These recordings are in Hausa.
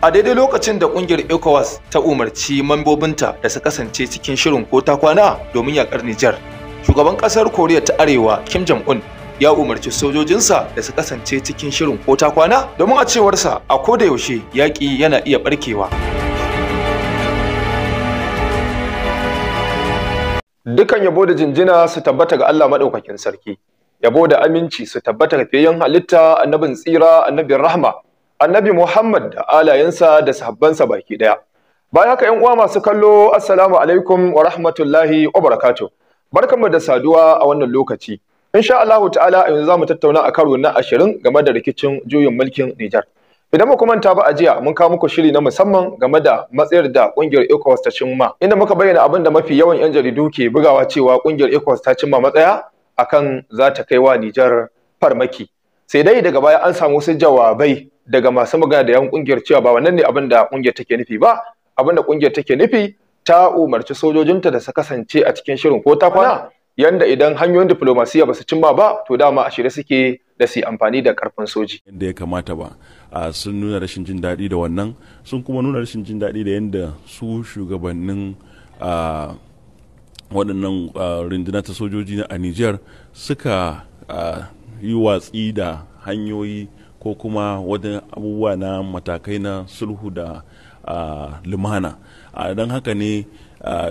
a daidai lokacin da kungiyar ecowas ta umarci mambobinta da su kasance cikin shirin ko ta kwana domin yakar nijar shugaban kasar koriya ta arewa kim jong-un ya umarci sojojinsa da su kasance cikin shirin ko ta kwana domin a cewarsa a koda yaushe yaƙi yana iya barkewa dukan yabo da jinjina su tabbata ga Allah maɗaukakin sarki yabo da aminci su tabbata ga fiyayyen halitta annabin tsira annabin rahma annabi Muhammad da alayensa da sahabbansa baki daya baya haka 'yan uwa masu kallo assalamu alaikum wa rahmatullahi wa barakato.' barkanmu da saduwa a wannan lokaci sha Allah ta'ala yanzu zamu tattauna a karo na ashirin game da rikicin juyin mulkin Nijar. idan muka manta ba a jiya mun kawo muku shiri na musamman game da matsayar da kungiyar ECOWAS ta cimma inda muka bayyana abin da mafi yawan yan jaridu ke bugawa cewa kungiyar ECOWAS ta cimma matsaya akan za ta kai wa Nijar farmaki sai dai daga baya an samu wasu jawabai daga masu magana da yan kungiyar cewa ba wannan ne abin da kungiyar take nufi ba abin da kungiyar take nufi ta umarci sojojinta da su kasance a cikin shirin ko ta kwana yanda idan hanyoyin diplomasiya ba su cimma ba to dama a shirye suke da su amfani da karfin soji yadda ya kamata ba sun nuna rashin jin daɗi da wannan sun kuma nuna rashin jin daɗi da yanda su shugabannin waɗannan rundunar ta sojoji a Nijar suka yi watsi da hanyoyi ko kuma wajen abubuwa na matakai na sulhu da lumana don haka ne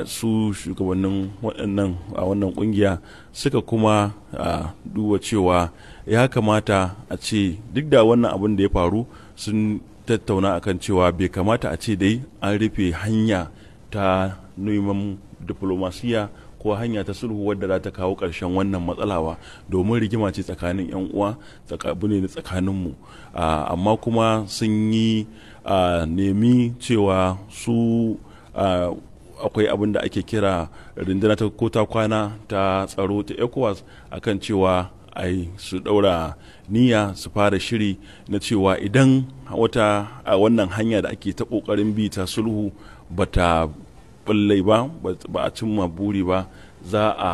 su shugabannin waɗannan a wannan ƙungiya suka kuma duba cewa ya kamata a ce duk da wannan abin da ya faru sun tattauna akan cewa bai kamata a ce dai an rufe hanya ta neman diplomasiya ko hanya ta sulhu wadda za ta kawo ƙarshen wannan matsalawa domin rigima ce tsakanin 'yan uwa tsakabu ne tsakaninmu amma kuma sun yi nemi cewa su akwai abin da ake kira rundunar ta ko ta kwana ta tsaro ta ecowas akan cewa ai su daura niyya su fara shiri na cewa idan wata a wannan hanya da ake ta kokarin bi ta sulhu ba ta. ɓallai ba ba a cimma buri ba za a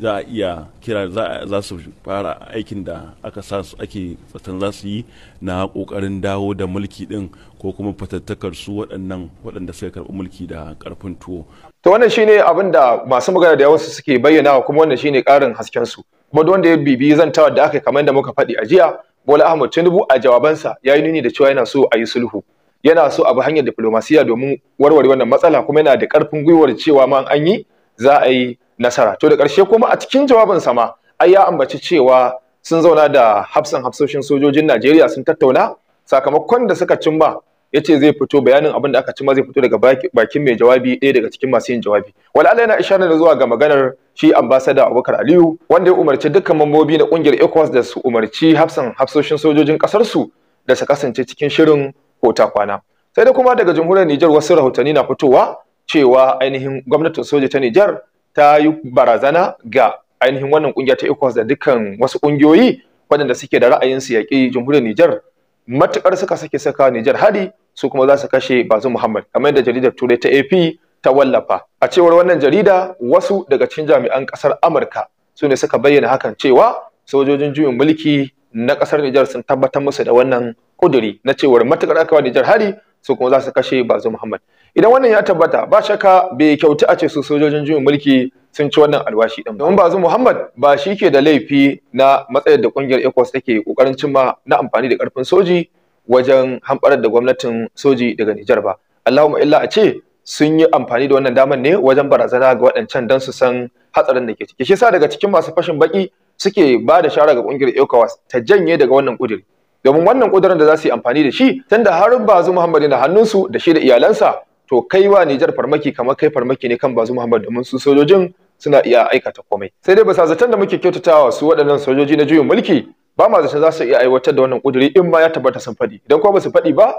za a iya kira za su fara aikin da aka sa su ake tsatan za su yi na kokarin dawo da mulki din ko kuma fatattakar su waɗannan waɗanda suka karɓi mulki da ƙarfin tuwo. To wannan shine abin da masu magana da yawansu suke bayyana kuma wannan shine ƙarin hasken su. Kuma duk wanda ya bibi zantawa da aka kamar da muka faɗi a jiya Bola ahmad Tinubu a jawabansa ya yi nuni da cewa yana so a yi sulhu. yana so abu hanyar diplomasiya domin warware wannan matsala kuma yana da karfin gwiwar cewa ma an yi za a yi nasara to da karshe kuma a cikin jawabin sa ma ai ya ambaci cewa sun zauna da hafsan hafsoshin sojojin Najeriya sun tattauna sakamakon da suka cimma yace zai fito bayanin abin da aka cimma zai fito daga bakin mai jawabi ɗaya daga cikin masu yin jawabi wala Allah yana isharar da zuwa ga maganar shi ambassador Abubakar Aliyu wanda ya umarci dukkan mambobi na kungiyar ECOWAS da su umarci hafsan hafsoshin sojojin kasar su da su kasance cikin shirin ko ta kwana sai da kuma daga jamhuriyar Nijar wasu rahotanni na fitowa cewa ainihin gwamnatin soja ta Nijar ta yi barazana ga ainihin wannan kungiya ta ECOWAS da dukkan wasu kungiyoyi waɗanda suke da ra'ayin su yaƙi jamhuriyar Nijar matukar suka sake saka Nijar hadi su kuma za su kashe bazu Muhammad kamar yadda jaridar Turai ta AP ta wallafa a cewar wannan jarida wasu daga cikin jami'an ƙasar Amurka su ne suka bayyana hakan cewa sojojin juyin mulki na ƙasar Nijar sun tabbatar musu da wannan kuduri na cewar matakar aka Nijar hari su kuma za su kashe Bazo Muhammad idan wannan ya tabbata ba shakka bai kyauta a ce su sojojin juyin mulki sun ci wannan alwashi din domin Bazo Muhammad ba shi ke da laifi na matsayar da kungiyar ECOWAS take kokarin cimma na amfani da karfin soji wajen hamɓarar da gwamnatin soji daga Nijar ba Allahumma illa a ce sun yi amfani da wannan damar ne wajen barazana ga waɗancan don su san hatsarin da ke ciki shi yasa daga cikin masu fashin baki suke ba da shara ga ƙungiyar ECOWAS ta janye daga wannan kudiri domin wannan kudurin da za su yi amfani da shi tunda har bazu Muhammad na hannunsu da shi da iyalansa to kai wa Nijar farmaki kamar kai farmaki ne kan bazu Muhammad domin su sojojin suna iya aikata komai sai dai basa zaton da muke kyautatawa su waɗannan sojoji na juyin mulki ba ma zaton za su iya aiwatar da wannan kuduri in ma ya tabbata sun faɗi idan kuma ba su faɗi ba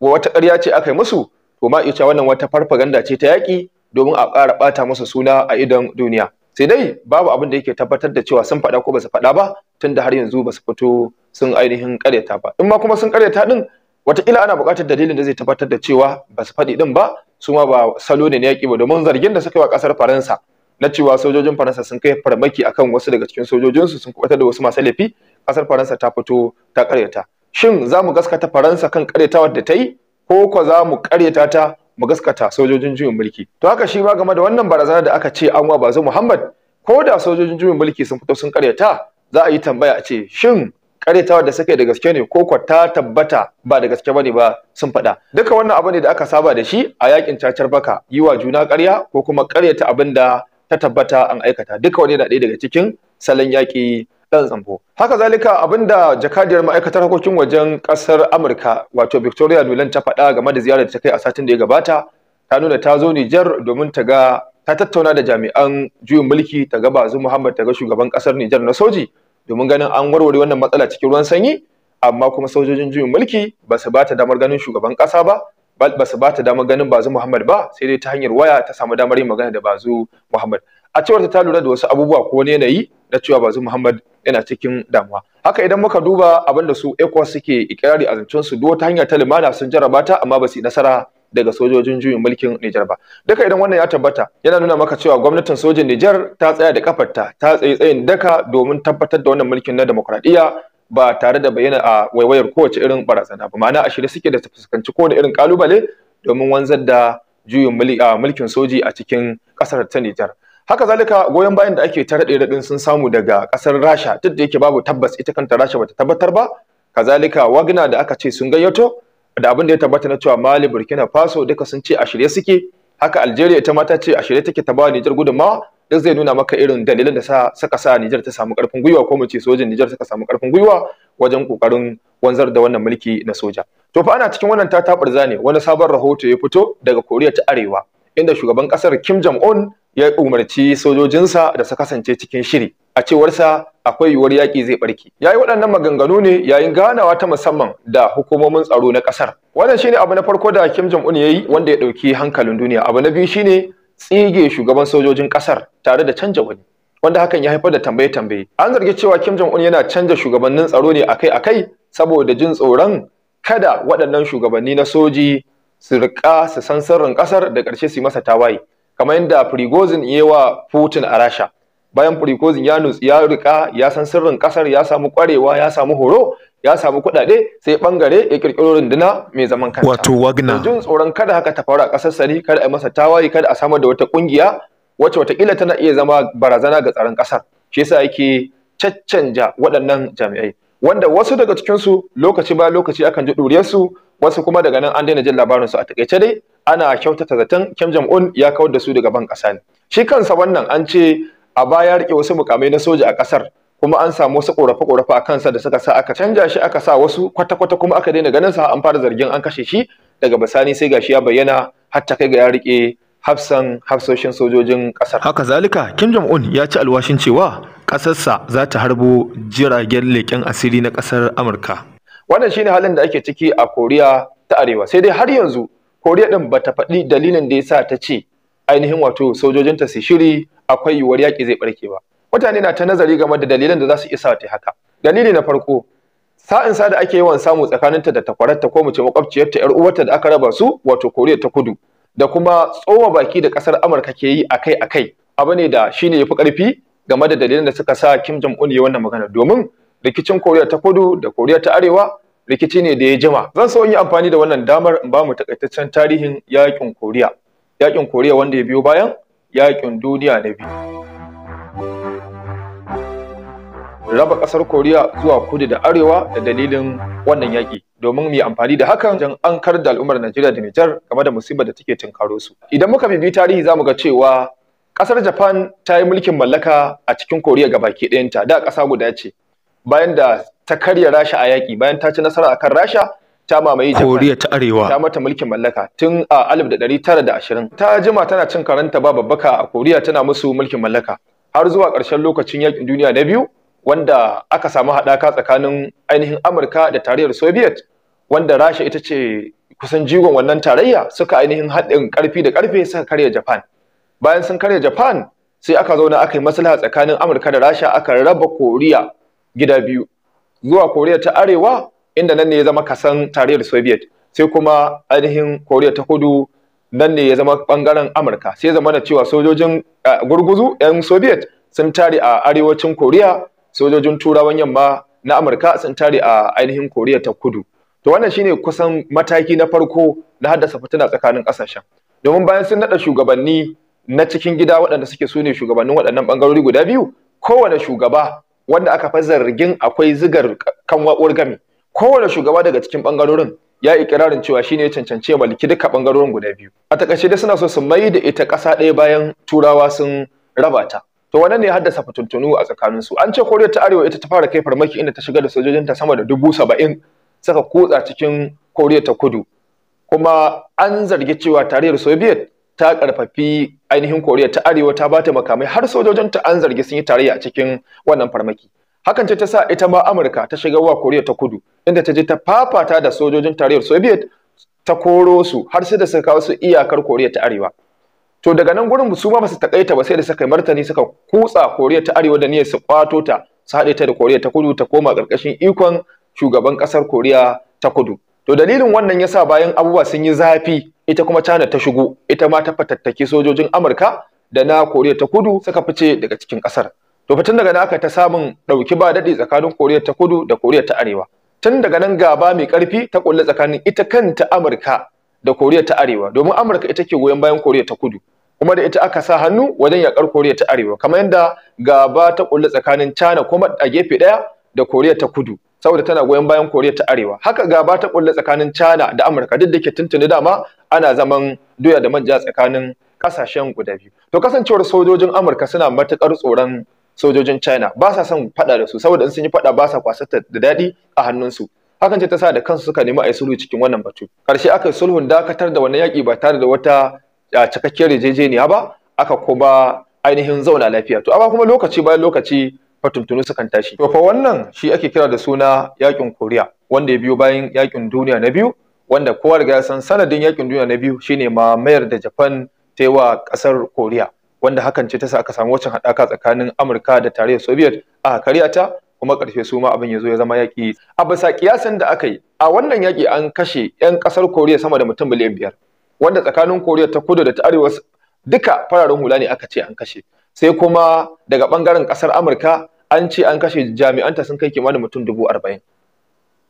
wa wata ƙarya ce aka yi musu to ma iya wannan wata farfaganda ce ta yaƙi domin a ƙara ɓata musu suna a idon duniya sai dai babu abin da yake tabbatar da cewa sun faɗa ko ba su faɗa ba tunda har yanzu ba su fito sun ainihin karyata ba in ma kuma sun karyata din wataƙila ana buƙatar dalilin da zai tabbatar da cewa ba su faɗi din ba su ma ba salo ne na yaƙi ba domin zargin da suka yi wa ƙasar Faransa na cewa sojojin Faransa sun kai farmaki akan wasu daga cikin sojojinsu sun kubatar da wasu masu laifi ƙasar Faransa ta fito ta karyata shin za mu gaskata Faransa kan karyatawar da ta yi ko ko za mu karyata ta mu gaskata sojojin juyin mulki to haka shi ma game da wannan barazana da aka ce an wa bazu Muhammad ko da sojojin juyin mulki sun fito sun karyata za a yi tambaya a ce shin karyatawa da suka da gaske ne ko kwa ta tabbata ba da gaske bane ba sun faɗa duka wannan abu ne da aka saba da shi a yakin cacar baka yi wa juna karya, ko kuma ƙaryata abin da ta tabbata an aikata duka wani na ɗaya daga cikin salon yaƙi ɗan tsambo haka zalika abin da jakadiyar ma'aikatar harkokin wajen ƙasar amurka wato victoria nuland ta faɗa game da ziyarar da ta kai a satin da ya gabata ta nuna ta zo nijar domin ta ga ta tattauna da jami'an juyin mulki ta ga bazu muhammad ta ga shugaban ƙasar nijar na soji domin ganin an warware wannan matsala cikin ruwan sanyi amma kuma sojojin juyin mulki ba su ba damar ganin shugaban kasa ba ba su ba ta damar ganin bazu Muhammad ba sai dai ta hanyar waya ta samu damar yin magana da bazu Muhammad a cewar ta lura da wasu abubuwa ko wani yanayi na cewa bazu Muhammad yana cikin damuwa haka idan muka duba abinda su ECOWAS suke ikirari a zancen su duk wata hanya ta limana sun jarabata amma ba su yi nasara daga sojojin juyin mulkin Nijar ba duka idan wannan ya tabbata yana nuna maka cewa gwamnatin sojin Nijar ta tsaya da kafarta ta tsaye tsayin daka domin tabbatar da wannan mulkin na demokradiyya ba tare da bayyana a waiwayar kowace irin barazana ba ma'ana a shirye suke da ta fuskanci kowane irin kalubale domin wanzar da juyin mulkin soji a cikin kasar ta Nijar haka zalika goyon bayan da ake tarade radin sun samu daga kasar Rasha duk da yake babu tabbas ita kanta Rasha bata tabbatar ba kazalika wagna da aka ce sun gayyato da abin da ya tabbata na cewa Mali Burkina Faso duka sun ce a shirye suke haka Algeria ita ma ta ce a shirye take ta ba Nijar gudunmawa duk zai nuna maka irin dalilin da suka sa Nijar ta samu karfin gwiwa ko mu ce sojin Niger suka samu karfin gwiwa wajen kokarin wanzar da wannan mulki na soja to fa ana cikin wannan za ne wani sabon rahoto ya fito daga Koriya ta Arewa inda shugaban kasar Kim Jong Un ya umarci sojojinsa da su kasance cikin shiri a cewarsa akwai yiwuwar yaƙi zai ɓarke. Ya yi waɗannan maganganu ne yayin ganawa ta musamman da hukumomin tsaro na ƙasar. Wannan shine abu na farko da Kim Jong-un ya yi wanda ya ɗauki hankalin duniya. Abu na biyu shine tsige shugaban sojojin ƙasar tare da canja wani. Wanda hakan ya haifar da tambaye-tambaye. An zargi cewa Kim Jong-un yana canja shugabannin tsaro ne akai-akai saboda jin tsoron kada waɗannan shugabanni na soji su riƙa su san sirrin ƙasar da ƙarshe su yi masa tawaye. Kamar yadda Prigozhin ya yi wa Putin a Rasha. bayan Prigozhin ya nutsu ya rika ya san sirrin kasar ya samu kwarewa ya samu horo ya samu kuɗaɗe sai bangare ya kirkiro runduna mai zaman kanta wato Wagner jin tsoron kada haka ta faru a kasar sani kada a masa tawaye kada a samar da wata kungiya wacce watakila tana iya zama barazana ga tsaron kasar shi yasa yake caccanja waɗannan jami'ai wanda wasu daga cikinsu lokaci ba lokaci akan ji ɗuriyarsu wasu kuma daga nan an daina jin labarinsu a takaice dai ana kyautata zaton Kim Jong ya kawar da su daga ban ƙasa ne shi kansa wannan an ce a baya rike wasu mukamai na soja a kasar kuma an samu wasu korafe-korafe a kansa da suka sa aka canja shi aka sa wasu kwata-kwata kuma aka daina ganin sa an fara zargin an kashe shi daga bisani sai gashi ya bayyana har ta kai ga ya rike hafsan hafsoshin sojojin kasar. Haka zalika Kim Jong Un ya ci alwashin cewa ƙasarsa za ta harbo jiragen leken asiri na kasar Amurka. Wannan shine halin da ake ciki a Koriya ta Arewa. Sai dai har yanzu Koriya din bata faɗi dalilin da yasa ta ce ainihin wato sojojinta su shiri akwai yiwuwar yaƙi zai barke ba mutane na ta nazari game da dalilan da za su isa ta haka dalili na farko sa'in sa da ake yawan samu tsakaninta da takwararta ko mu ce makwabciyarta yar uwarta da aka raba su wato Koriya ta Kudu da kuma tsoma baki da ƙasar Amurka ke yi akai-akai abu ne da shi shine yafi ƙarfi game da dalilan da suka sa Kim Jong Un ya wannan magana domin rikicin Koriya ta Kudu da Koriya ta Arewa rikici ne da ya jima zan so in yi amfani da wannan damar in ba mu takaitaccen tarihin yaƙin Koriya Yaƙin Koriya wanda ya biyo bayan yaƙin duniya na biyu raba ƙasar koriya zuwa kudu da arewa da dalilin wannan yaƙi domin mu yi amfani da hakan an kar da al'ummar najeriya da nijar game da musibar da take tunkaro su idan muka bibi tarihi za mu ga cewa ƙasar japan ta yi mulkin mallaka a cikin koriya gabaki ɗayanta da ƙasa guda ce bayan da ta karya rasha a yaƙi bayan ta ci nasara akan rasha ta mamaye Japan Koriya ta Arewa ta mata mulkin mallaka tun a 1920 ta jima tana cin karanta ba babbaka a Koriya tana musu mulkin mallaka har zuwa ƙarshen lokacin yakin duniya na biyu wanda aka samu haɗaka tsakanin ainihin Amurka da tarayyar Soviet wanda Rasha ita ce kusan jigon wannan tarayya suka ainihin haɗin ƙarfi da ƙarfe suka karya Japan bayan sun karya Japan sai aka zauna aka yi maslaha tsakanin Amurka da Rasha aka raba Koriya gida biyu zuwa Koriya ta Arewa inda nan ne ya zama kasan tarayyar soviet sai kuma ainihin koriya ta kudu nan ne ya zama bangaren amurka sai zama da cewa sojojin gurguzu yan soviet sun tare a arewacin koriya sojojin turawan yamma na amurka sun tare a ainihin koriya ta kudu to wannan shine kusan mataki na farko na haddasa fitina tsakanin kasashen domin bayan sun nada shugabanni na cikin gida waɗanda suke sune shugabannin waɗannan bangarori guda biyu kowane shugaba wanda aka fa zargin akwai zigar kan waƙuwar gami kowane shugaba daga cikin bangarorin ya yi ikirarin cewa shine ya cancance maliki duka bangarorin guda biyu a takaice dai suna so su mai da ita ƙasa ɗaya bayan turawa sun raba ta to wannan ne haddasa fatuntunu a tsakanin su an ce koriya ta arewa ita ta fara kai farmaki inda ta shiga da sojojinta sama da dubu saba'in saka kutsa cikin koriya ta kudu kuma an zargi cewa tarayyar soviet ta karfafi ainihin koriya ta arewa ta bata makamai har sojojin ta an zargi sun yi tarayya a cikin wannan farmaki hakan ce ta sa ita ma Amurka ta shiga wa Koriya ta Kudu inda ta je ta fafata da sojojin tarayyar Soviet ta koro su har sai da suka kawo su iyakar Koriya ta Arewa to daga nan gurin su ma basu takaita ba sai da suka martani suka kutsa Koriya ta Arewa da niyyar su kwato ta su haɗe ta da Koriya ta Kudu ta koma ƙarƙashin ikon shugaban ƙasar Koriya ta Kudu to dalilin wannan yasa bayan abubuwa sun yi zafi ita kuma China ta shigo ita ma ta fatattaki sojojin Amurka da na Koriya ta Kudu suka fice daga cikin ƙasar to fa tun daga nan aka ta samun ɗauki ba daɗi tsakanin Koriya ta Kudu da Koriya ta Arewa tun daga nan gaba mai karfi ta kulle tsakanin ita kanta Amurka da Koriya ta Arewa domin Amurka ita ke goyon bayan Koriya ta Kudu kuma da ita aka sa hannu wajen yakar Koriya ta Arewa kamar yadda gaba ta kulle tsakanin China kuma a gefe daya da Koriya ta Kudu saboda tana goyon bayan Koriya ta Arewa haka gaba ta kulle tsakanin China da Amurka duk da ke tuntuni dama ana zaman doya da manja tsakanin kasashen guda biyu to kasancewar sojojin Amurka suna matukar tsoron sojojin China ba sa son faɗa da su saboda in sun yi fada ba sa kwasata da daɗi a hannunsu hakan ce ta sa da kansu suka nemi a yi sulhu cikin wannan batu karshe aka sulhun dakatar da wannan yaƙi ba tare da wata cikakkiyar yarjejeniya ba aka kuma ainihin zauna lafiya to amma kuma lokaci bayan lokaci fatuntunu sukan tashi to fa wannan shi ake kira da suna yaƙin Koriya wanda ya biyo bayan yaƙin duniya na biyu wanda kowa riga ya san sanadin yaƙin duniya na biyu shine ma mayar da Japan ta yi wa ƙasar Koriya wanda hakan ce ta sa aka samu wacce haɗaka tsakanin Amurka da tarayyar Soviet a karyata ta kuma ƙarfe su ma abin ya zo ya zama yaƙi a bisa kiyasan da aka yi a wannan yaƙi an kashe 'yan ƙasar Koriya sama da mutum miliyan biyar wanda tsakanin Koriya ta kudu da ta arewa duka fararen hula ne aka ce an kashe sai kuma daga ɓangaren ƙasar Amurka an ce an kashe jami'anta sun kai kimanin mutum dubu arba'in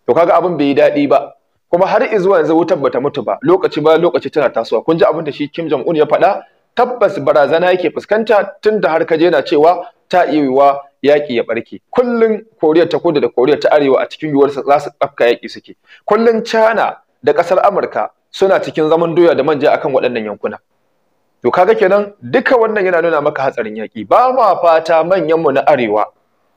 to kaga abin bai yi daɗi ba kuma har izuwa yanzu wutar bata mutu ba lokaci ba lokaci tana tasowa kun ji abin da shi Kim Jong Un ya faɗa tabbas barazana yake fuskanta tunda har ka je na cewa ta iya yaƙi ya barke kullum Koriya ta kudu da Koriya ta arewa a cikin su za su tsafka yaƙi suke kullum China da ƙasar Amurka suna cikin zaman doya da manja akan waɗannan yankuna to kaga kenan duka wannan yana nuna maka hatsarin yaƙi ba ma fata manyan mu na arewa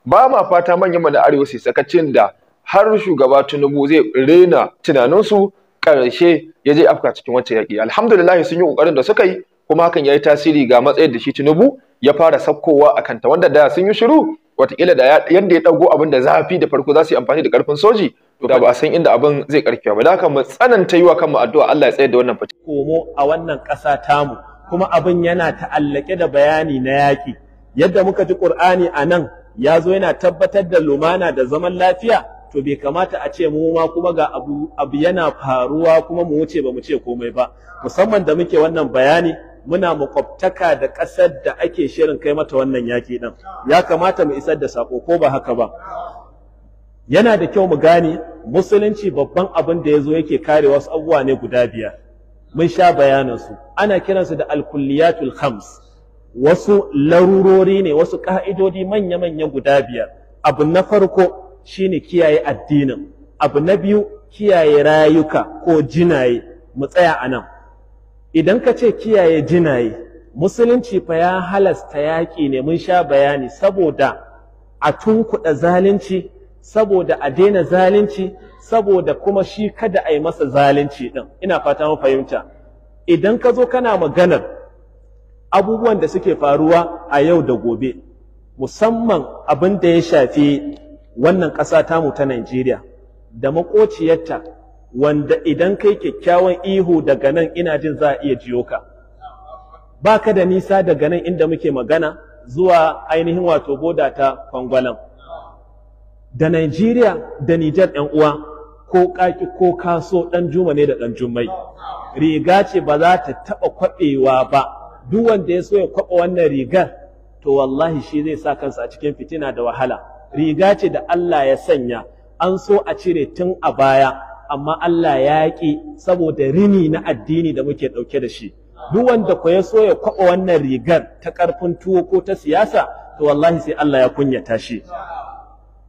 ba ma fata manyan mu na arewa su sakacin da har shugaba Tinubu zai rena tunaninsu ƙarshe ya je afka cikin wancan yaƙi alhamdulillah sun yi ƙoƙarin da suka yi kuma hakan ya yi tasiri ga matsayin da shi Tinubu ya fara saukowa a kanta wanda da sun yi shiru watakila da yadda ya dago abin da zafi da farko za su yi amfani da karfin soji da ba a san inda abin zai karfi ba da haka mu tsananta yi wa kanmu addu'a Allah ya tsayar da wannan fice komo a wannan ƙasa tamu kuma abin yana ta'allake da bayani na yaƙi yadda muka ji Qur'ani a nan ya zo yana tabbatar da lumana da zaman lafiya to bai kamata a ce mu ma kuma ga abu abu yana faruwa kuma mu wuce ba mu ce komai ba musamman da muke wannan bayani muna makwabtaka da ƙasar da ake shirin kai mata wannan yaƙi ɗin ya kamata mu isar da saƙo ko ba haka ba yana da kyau mu gane musulunci babban abin da ya zo yake kare wasu abubuwa ne guda biyar mun sha bayanansu ana kiransu da alkulliyatul khams wasu larurori ne wasu ƙa'idodi manya-manya guda biyar abu na farko shine kiyaye addinin abu na biyu kiyaye rayuka ko jinaye mu tsaya a nan idan ka ce kiyaye jinaye musulunci fa ya halasta yaƙi ne mun sha bayani saboda a tunkuɗa zalunci saboda a daina zalunci saboda kuma shi kada a yi masa zalunci ɗin ina fata mun fahimta idan ka zo kana maganar abubuwan da suke faruwa a yau da gobe musamman abin da ya shafi wannan ƙasa tamu ta Najeriya da maƙociyarta wanda idan kai kyakkyawan ihu daga nan ina jin za a iya jiyo ka baka da nisa daga nan inda muke magana zuwa ainihin wato boda ta kwangwalan da Najeriya da Nijar ɗan uwa ko kaki ko kaso ɗan juma ne da ɗan jummai riga ce ba za ta taɓa kwaɓewa ba duk wanda ya so ya kwaɓa wannan rigar to wallahi shi zai sa kansa a cikin fitina da wahala riga ce da Allah ya sanya an so a cire tun a baya amma Allah ya ƙi saboda rini na addini da muke ɗauke da shi duk wanda ku ya so ya kwaɓa wannan rigar ta ƙarfin tuwo ko ta siyasa to wallahi sai Allah ya kunyata shi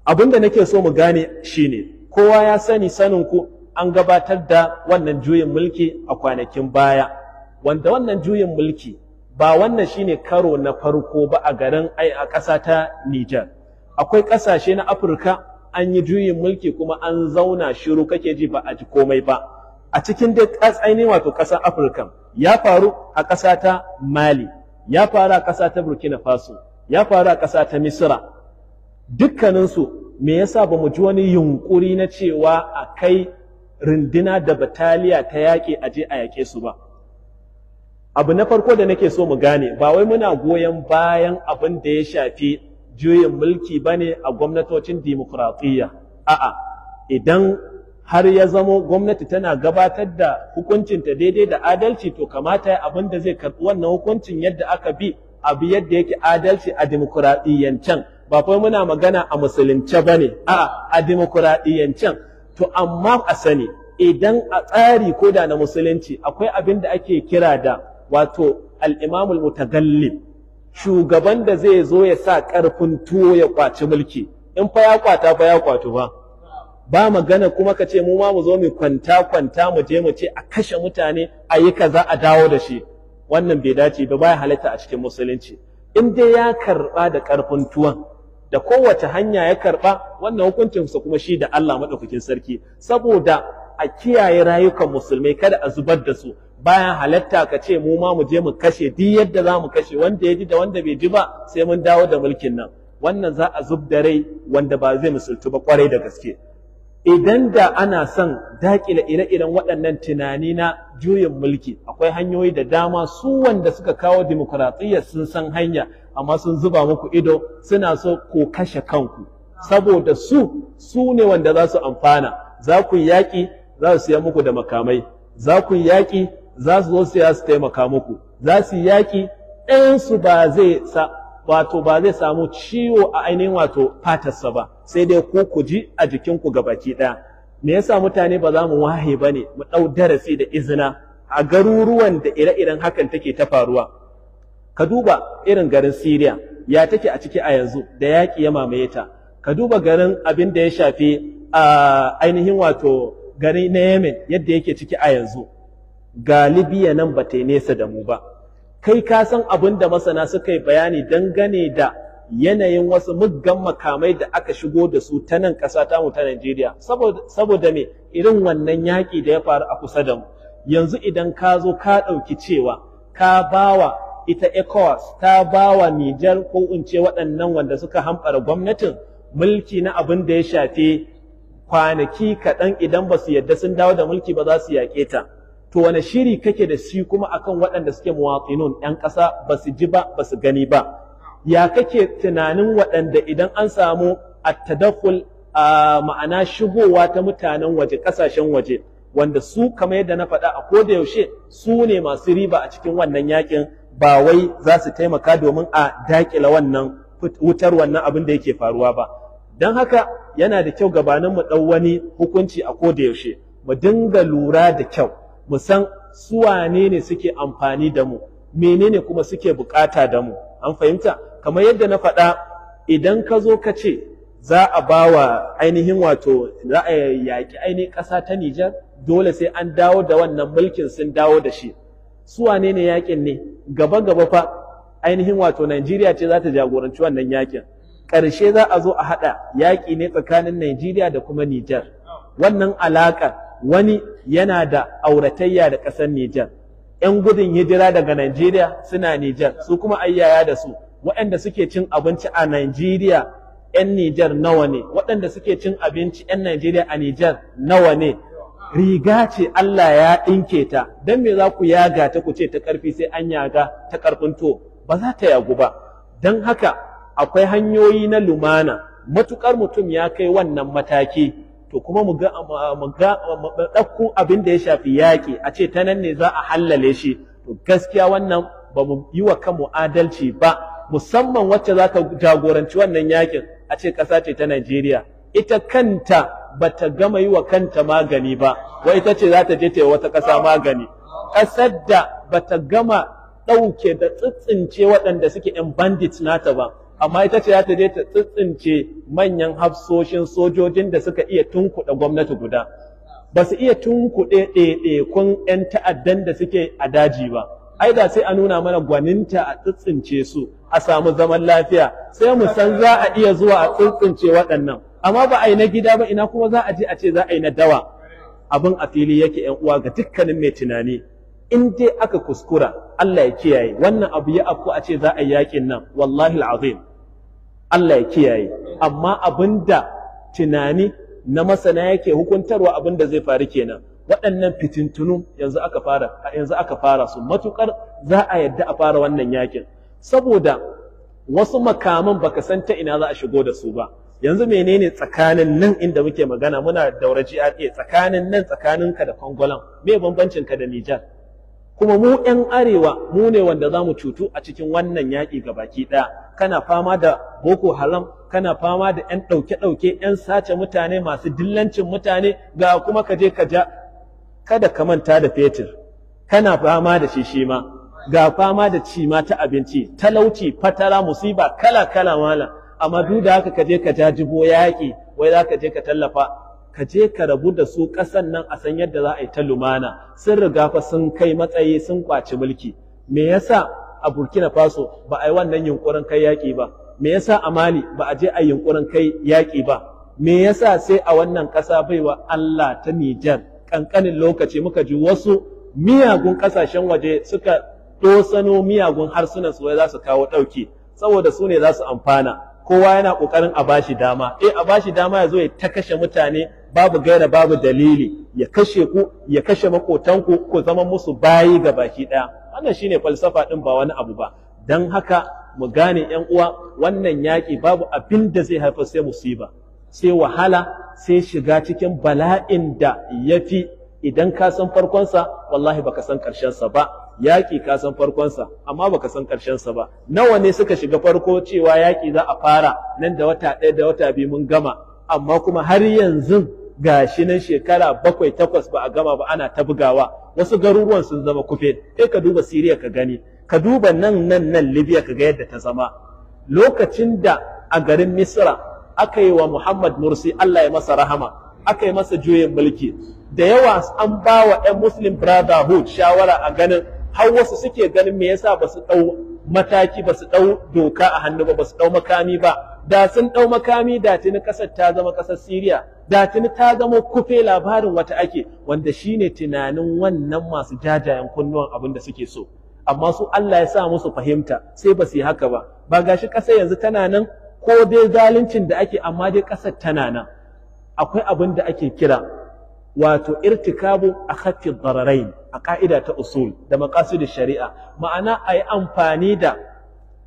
abin da nake so mu gane shi ne, kowa ya sani sanin ku an gabatar da wannan juyin mulki a kwanakin baya wanda wannan juyin mulki ba wannan shi ne karo na farko ba a garin ai a ƙasa ta Nijar. akwai ƙasashe na Afirka an yi juyin mulki kuma an zauna shiru kake ji ba a ji komai ba a cikin dai ainihin wato ƙasar afirka ya faru a ƙasa ta mali ya faru a ƙasa ta burkina faso ya faru a ƙasa ta misira dukkaninsu me yasa ba mu ji wani yunƙuri na cewa a kai rindina da bataliya ta yaƙi a je a yaƙe su ba abu na farko da nake so mu gane ba wai muna goyon bayan abin da ya shafi juyin mulki ba ne a gwamnatocin dimokuraɗiyya a'a idan har ya zamo gwamnati tana gabatar da hukuncinta daidai da adalci to kamata abin da zai karɓi wannan hukuncin yadda aka bi abu yadda yake adalci a dimokuraɗiyyancen ba kai muna magana a musulunce ba ne a'a a dimokuraɗiyyancen to amma a sani idan a tsari ko da na musulunci akwai abin da ake kira da wato al'imamul mutagallib shugaban da zai zo ya sa ƙarfin tuwo ya kwaci mulki in fa ya kwata fa ya kwatu ba ba magana kuma ka ce mu ma mu zo mu kwanta kwanta mu je mu ce a kashe mutane a yi kaza a dawo da shi wannan bai dace ba ya halitta a cikin musulunci in dai ya karba da ƙarfin tuwon da kowace hanya ya karba wannan hukuncin sa kuma shi da Allah madaukakin sarki saboda a kiyaye rayukan musulmai kada a zubar da su bayan halatta ka ce mu ma mu je mu kashe duk yadda za mu kashe wanda ya ji da wanda bai ji ba sai mun dawo da mulkin nan wannan za a zub da rai wanda ba zai musultu ba kwarai da gaske idan da ana son daƙile ire-iren waɗannan tunani na juyin mulki akwai hanyoyi da dama su wanda suka kawo dimokuraɗiyya sun san hanya amma sun zuba muku ido suna so ko kashe kanku saboda su su ne wanda za su amfana za ku yaƙi za su siya muku da makamai za ku yaƙi za su zo siya su taimaka muku za su yi yaƙi ɗayansu ba zai sa wato ba zai samu ciwo a ainihin wato fatarsa ba sai dai ku ku ji a jikinku gabaki ɗaya me yasa mutane ba za mu wahe ba ne mu ɗau darasi da izina a garuruwan da ire-iren hakan take ta faruwa ka duba irin garin Siriya ya take a ciki a yanzu da yaƙi ya mamaye ta ka duba garin abin da ya shafi a ah, ainihin wato gari na Yemen yadda yake ciki a yanzu ga nan ba ta nesa da mu ba kai ka san abin da masana suka yi bayani dangane da yanayin wasu muggan makamai da aka shigo da su ta nan ƙasa ta mu ta Najeriya saboda me irin wannan yaƙi da ya faru a kusa da mu yanzu idan ka zo ka ɗauki cewa ka bawa ita ECOWAS ta bawa Nijar ko in ce waɗannan wanda suka hamɓara gwamnatin mulki na abin da ya shafe kwanaki kaɗan idan ba su yadda sun dawo da mulki ba za su yaƙe ta. to wane shiri kake da shi kuma akan waɗanda suke muwatsinun 'yan ƙasa ba su ji ba ba su gani ba ya kake tunanin waɗanda idan an samu attadafful a ma'ana shigowa ta mutanen waje ƙasashen waje wanda su kamar yadda na faɗa a koda yaushe su ne masu riba a cikin wannan yakin ba wai za su taimaka domin a daƙila wannan wutar wannan abin da yake faruwa ba don haka yana da kyau gabanin mu ɗau wani hukunci a koda yaushe mu dinga lura da kyau mu san su wane ne suke amfani da mu menene kuma suke bukata da mu an fahimta kamar yadda na faɗa idan ka zo ka ce za a ba wa ainihin wato za a yaƙi ainihin ƙasa ta Nijar dole sai an dawo da wannan mulkin sun dawo da shi su wane ne yaƙin ne gaba gaba fa ainihin wato Najeriya ce za ta jagoranci wannan yaƙin ƙarshe za a zo a haɗa yaƙi ne tsakanin Najeriya da kuma Nijar wannan alaƙar wani yana da auratayya da ƙasar Nijar ‘yan gudun hijira daga Najeriya suna Nijar su kuma ayyaya da su waɗanda suke cin abinci a Najeriya ‘yan Nijar nawa ne waɗanda suke cin abinci ‘yan Najeriya a Nijar nawa ne riga ce Allah ya ɗinke ta don me za ku yaga ta ku ce ta ƙarfi sai an yaga ta ƙarfin to ba za ta yagu ba don haka akwai hanyoyi na lumana matuƙar mutum ya kai wannan mataki to kuma mu ga mu abin da ya shafi yaƙi a ce ta nan ne za a hallale shi to gaskiya wannan ba mu yi wa kanmu adalci ba musamman wacce za ta jagoranci wannan yaƙin a ce ƙasa ce ta Najeriya ita kanta ba ta gama yi wa kanta magani ba wai ita ce za ta je ta wata ƙasa magani ƙasar da ba ta gama ɗauke da tsitsince waɗanda suke ‘yan bandit nata ba amma ita ce ta je ta tsitsince manyan hafsoshin sojojin da suka iya tunkuɗa gwamnati guda ba su iya tunkuɗe ɗaiɗaikun 'yan ta'addan da suke a daji ba ai da sai a nuna mana gwaninta a tsitsince su a samu zaman lafiya sai mu san za a iya zuwa a tsitsince waɗannan amma ba a yi na gida ba ina kuma za a je a ce za a yi na dawa abin a fili yake ‘yan uwa ga dukkanin mai tunani in dai aka kuskura Allah ya kiyaye wannan abu ya afku a ce za a yi yaƙin nan wallahi al'azim Allah ya kiyaye amma abinda tunani na masana yake hukuntarwa abinda zai faru kenan waɗannan fitintunu yanzu aka fara yanzu aka fara su matukar za a yadda a fara wannan yakin saboda wasu makaman baka san ta ina za a shigo da su ba yanzu menene tsakanin nan inda muke magana muna daura GRA tsakanin nan tsakaninka da Kongolan me bambancin ka da Nijar kuma mu 'yan arewa mu ne wanda zamu mu cutu a cikin wannan yaki ga baki ɗaya kana fama da boko haram kana fama da 'yan ɗauke-ɗauke 'yan sace mutane masu dillancin mutane ga kuma ka je ka ja kada ka manta da fetur kana fama da shi ma ga fama da cima ta abinci talauci fatara musiba kala-kala mala amma duk da haka ka je ka ja jibo yaƙi wai za ka je ka tallafa ka je ka rabu da su ƙasan nan a san yadda za a yi ta lumana sun riga fa sun kai matsayi sun kwaci mulki me yasa a Burkina Faso ba a yi wannan yunkurin kai yaƙi ba me yasa a Mali ba a je a yunkurin kai yaƙi ba me yasa sai a wannan ƙasa baiwa Allah ta Nijar ƙanƙanin lokaci muka ji wasu miyagun ƙasashen waje suka dosano miyagun harsunan su za su kawo ɗauki saboda su ne za su amfana kowa yana ƙoƙarin a bashi dama eh a bashi dama ya zo ya ta kashe mutane babu gaira babu dalili ya kashe ku ya kashe makotanku ku zama musu bayi ga baki ɗaya wannan shine falsafa din ba wani abu ba dan haka mu gane ƴan uwa wannan yaƙi babu abin da zai haifar sai musiba sai wahala sai shiga cikin bala'in da yafi idan ka san farkonsa wallahi baka san sa ba yaƙi ka san farkonsa amma baka san sa ba nawa ne suka shiga farko cewa yaƙi za a fara nan da wata ɗaya da wata biyu mun gama amma kuma har yanzu ga shi nan shekara bakwai takwas ba a gama ba ana ta bugawa wasu garuruwan sun zama kufe kai ka duba Siriya ka gani ka duba nan nan nan Libya ka ga yadda ta zama lokacin da a garin Misra aka yi wa Muhammad Mursi Allah ya masa rahama aka yi masa juyin mulki da yawa an ba wa 'yan Muslim Brotherhood shawara a ganin har wasu suke ganin me yasa ba su ɗau mataki ba su ɗau doka a hannu ba ba su ɗau makami ba da sun ɗau makami da tuni ƙasar ta zama ƙasar Siriya da tuni ta zama kufe labarin wata ake wanda shine tunanin wannan masu jajayen kunnuwan abin da suke so amma su Allah ya sa musu fahimta sai ba su yi haka ba ba gashi ƙasar yanzu tana nan ko dai zaluncin da ake amma dai ƙasar tana nan akwai abin da ake kira wato irtikabu akhaffi dararain a ka'ida ta usul da maqasid shari'a ma'ana ayi amfani da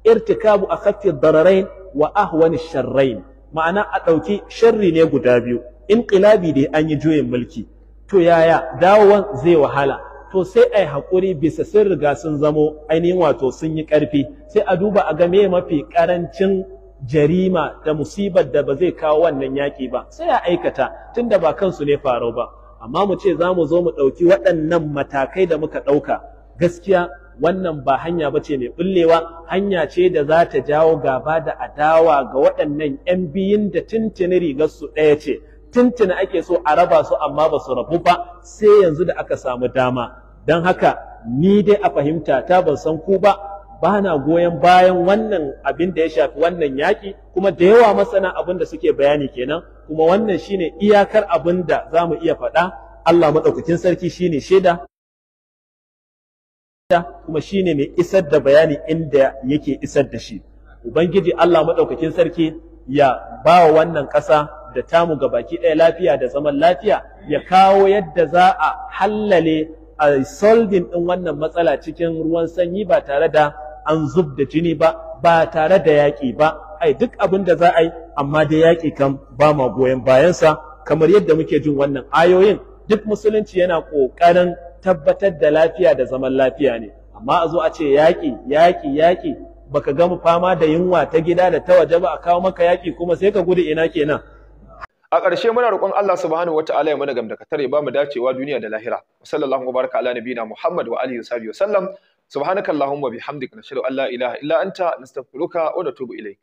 irtikabu a akhaffi dararain wa ahwani sharrain ma'ana a ɗauki sharri ne guda biyu inqilabi dai an yi juyin mulki to yaya dawowan zai wahala to sai ai haƙuri bisa sun riga sun zamo ainihin wato sun yi ƙarfi sai a duba a ga me mafi ƙarancin jarima da musibar da ba zai kawo wannan yaƙi ba sai a aikata tunda ba kansu ne faro ba amma mu ce za mu zo mu ɗauki waɗannan matakai da muka ɗauka gaskiya wannan ba hanya ba ce mai bullewa hanya ce da za ta jawo gaba da adawa ga waɗannan 'yan biyun da tuntuni rigarsu ɗaya ce tuntuni ake so a raba su amma ba su rabu ba sai yanzu da aka samu dama don haka ni dai a fahimta ta ban san ku ba ba na goyon bayan wannan abin da ya shafi wannan yaƙi kuma da yawa masana abin da suke bayani kenan kuma wannan shine iyakar abin da za mu iya faɗa Allah maɗaukakin sarki shine shaida kuma shine mai isar da bayani inda yake isar da shi ubangiji Allah madaukakin sarki ya ba wannan ƙasa da tamu ga baki ɗaya lafiya da zaman lafiya ya kawo yadda za a hallale a solving ɗin wannan matsala cikin ruwan sanyi ba tare da an zub da jini ba ba tare da yaƙi ba ai duk abin da za a yi amma da yaƙi kan ba ma goyon bayansa kamar yadda muke jin wannan ayoyin duk musulunci yana ƙoƙarin tabbatar da lafiya da zaman lafiya ne amma a zo a ce yaƙi yaƙi yaƙi baka gama fama da yunwa ta gida da ta waje ba a kawo maka yaƙi kuma sai ka gudu ina kenan a ƙarshe muna roƙon Allah subhanahu wataala ya mana gamdakatar ya bamu dacewa duniya da lahira sallallahu baraka ala nabiyina muhammad wa alihi wasallam sallam subhanakallahumma bihamdika nashhadu an la ilaha illa anta nastaghfiruka wa natubu ilayk